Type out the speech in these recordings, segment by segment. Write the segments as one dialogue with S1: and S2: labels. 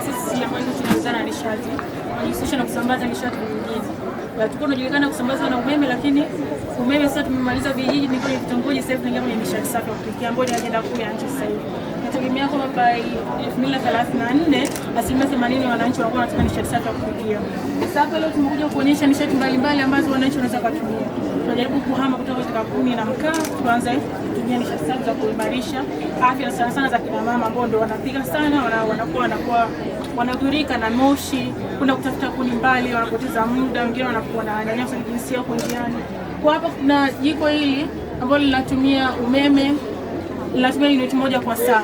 S1: taasisi ambayo inazana nishati, wanajihusisha na kusambaza nishati vijijini. Tulikuwa tunajulikana kusambaza na umeme, lakini umeme sasa tumemaliza vijiji, ni kwenye vitongoji, sasa hivi tunaingia kwenye nishati safi ya kupikia ambayo ni ajenda kuu ya nchi sasa hivi. Tunategemea kwamba by 2034 asilimia 80 wananchi wanakuwa wanatumia nishati safi ya kupikia. Sasa leo tumekuja kuonyesha nishati mbalimbali ambazo wananchi wanaweza kutumia. Tunajaribu kuhama kutoka katika kuni na mkaa tuanze kijani cha tatu za kuimarisha afya sana sana za kina mama ambao ndio wanapiga sana, wana, wanakuwa wanakuwa wanadhurika na moshi, kuna kutafuta kuni mbali, wanapoteza muda, wengine wanakuwa na wananyanyasa kijinsia kwa njiani. Kwa hapa kuna jiko hili ambalo linatumia umeme, linatumia unit moja kwa saa.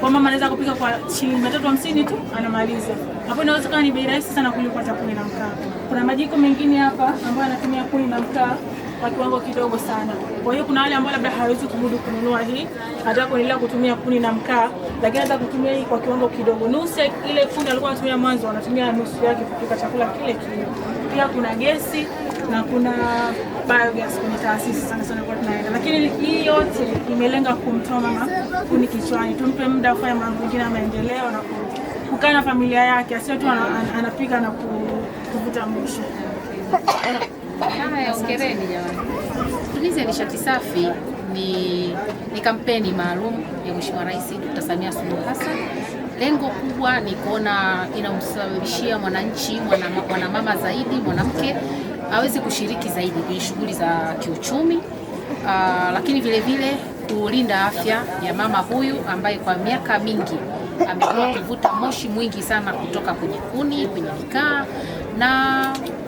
S1: Kwa mama anaweza kupika kwa shilingi mia tatu hamsini tu anamaliza. Hapo inawezekana ni bei rahisi sana kuliko hata kuni na mkaa. Kuna majiko mengine hapa ambayo yanatumia kuni na mkaa kwa kiwango kidogo sana. Kwa hiyo kuna wale ambao labda hawezi kumudu kununua hii, anataka kuendelea kutumia kuni na mkaa, lakini anaweza kutumia hii kwa kiwango kidogo. Nusu ile kuni alikuwa anatumia mwanzo, anatumia nusu yake kupika chakula kile kile. Pia kuna gesi na kuna biogas kwenye taasisi sana sana kwa tunaenda, lakini hii yote imelenga kumtoa mama kuni kichwani, tumpe muda afanye mambo mengine ya maendeleo na kukaa na familia yake, asio tu anapika na kuvuta mwisho.
S2: Haya, ongereni jamani. Tulize nishati safi ni, ni kampeni maalum ya Mheshimiwa Rais Dr. Samia Suluhu Hassan. Lengo kubwa ni kuona inamsababishia mwananchi mwanamama zaidi mwanamke aweze kushiriki zaidi kwenye shughuli za kiuchumi uh, lakini vilevile kulinda afya ya mama huyu ambaye kwa miaka mingi amekuwa akivuta moshi mwingi sana kutoka kwenye kuni, kwenye mikaa. Na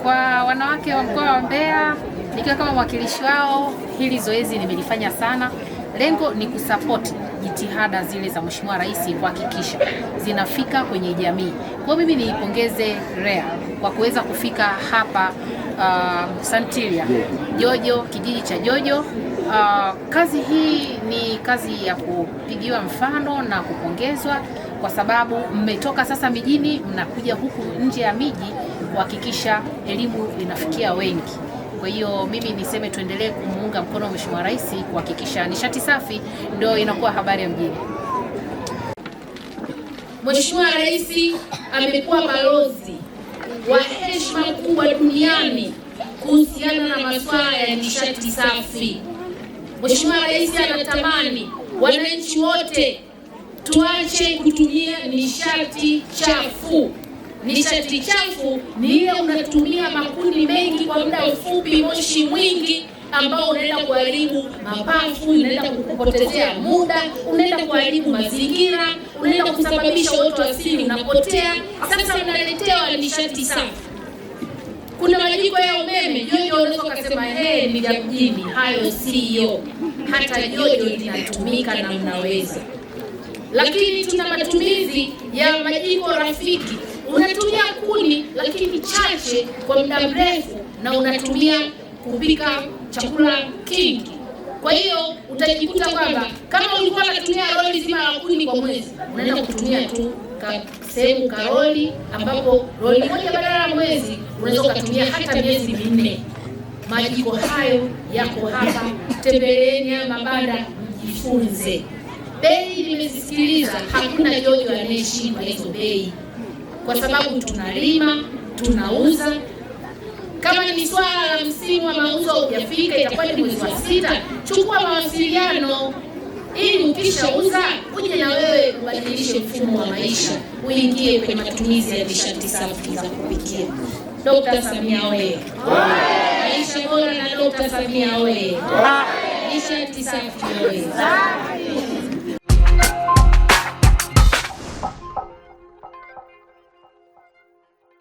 S2: kwa wanawake wa mkoa wa Mbeya, nikiwa kama mwakilishi wao, hili zoezi nimelifanya sana. Lengo ni kusapoti jitihada zile za Mheshimiwa Rais kuhakikisha zinafika kwenye jamii. Kwa mimi niipongeze REA kwa kuweza kufika hapa uh, Santilia Jojo, kijiji cha Jojo Uh, kazi hii ni kazi ya kupigiwa mfano na kupongezwa kwa sababu mmetoka sasa mijini mnakuja huku nje ya miji kuhakikisha elimu inafikia wengi. Kwa hiyo mimi niseme tuendelee kumuunga mkono Mheshimiwa Rais kuhakikisha nishati safi ndio inakuwa habari ya mjini.
S3: Mheshimiwa Rais amekuwa balozi wa heshima kubwa duniani kuhusiana na masuala ya nishati safi. Mheshimiwa Rais anatamani wananchi wote tuache kutumia nishati chafu. Nishati chafu ni ile unatumia makundi mengi kwa muda mfupi, moshi mwingi ambao unaenda kuharibu mapafu, unaenda kupotezea muda, unaenda kuharibu mazingira, unaenda kusababisha uoto asili unapotea. Sasa unaletewa nishati safi. Kuna majiko ya umeme Singida mjini, hayo siyo hata jojo linatumika na mnaweza. Lakini tuna matumizi ya majiko rafiki. Unatumia kuni lakini chache kwa muda mrefu, na unatumia kupika chakula kingi. Kwa hiyo utajikuta kwamba kama ulikuwa unatumia roli zima la kuni kwa mwezi, unaenda kutumia tu sehemu karoli, ambapo roli moja badala ya mwezi unaweza ukatumia hata miezi minne. Majiko hayo yako hapa, tembeleeni haya mabanda mjifunze. Bei nimezisikiliza, hakuna jojo anayeshindwa hizo bei, kwa sababu tunalima, tunauza. Kama ni swala la msimu wa mauzo hujafika, itakuwa ni mwezi wa sita, chukua mawasiliano ili ukishauza uje na wewe ubadilishe mfumo wa maisha, uingie kwenye matumizi ya nishati safi za kupikia. Dkt. Samia oye! lishe bora na Dkt. Samia oye! Lishe ah, safi oye!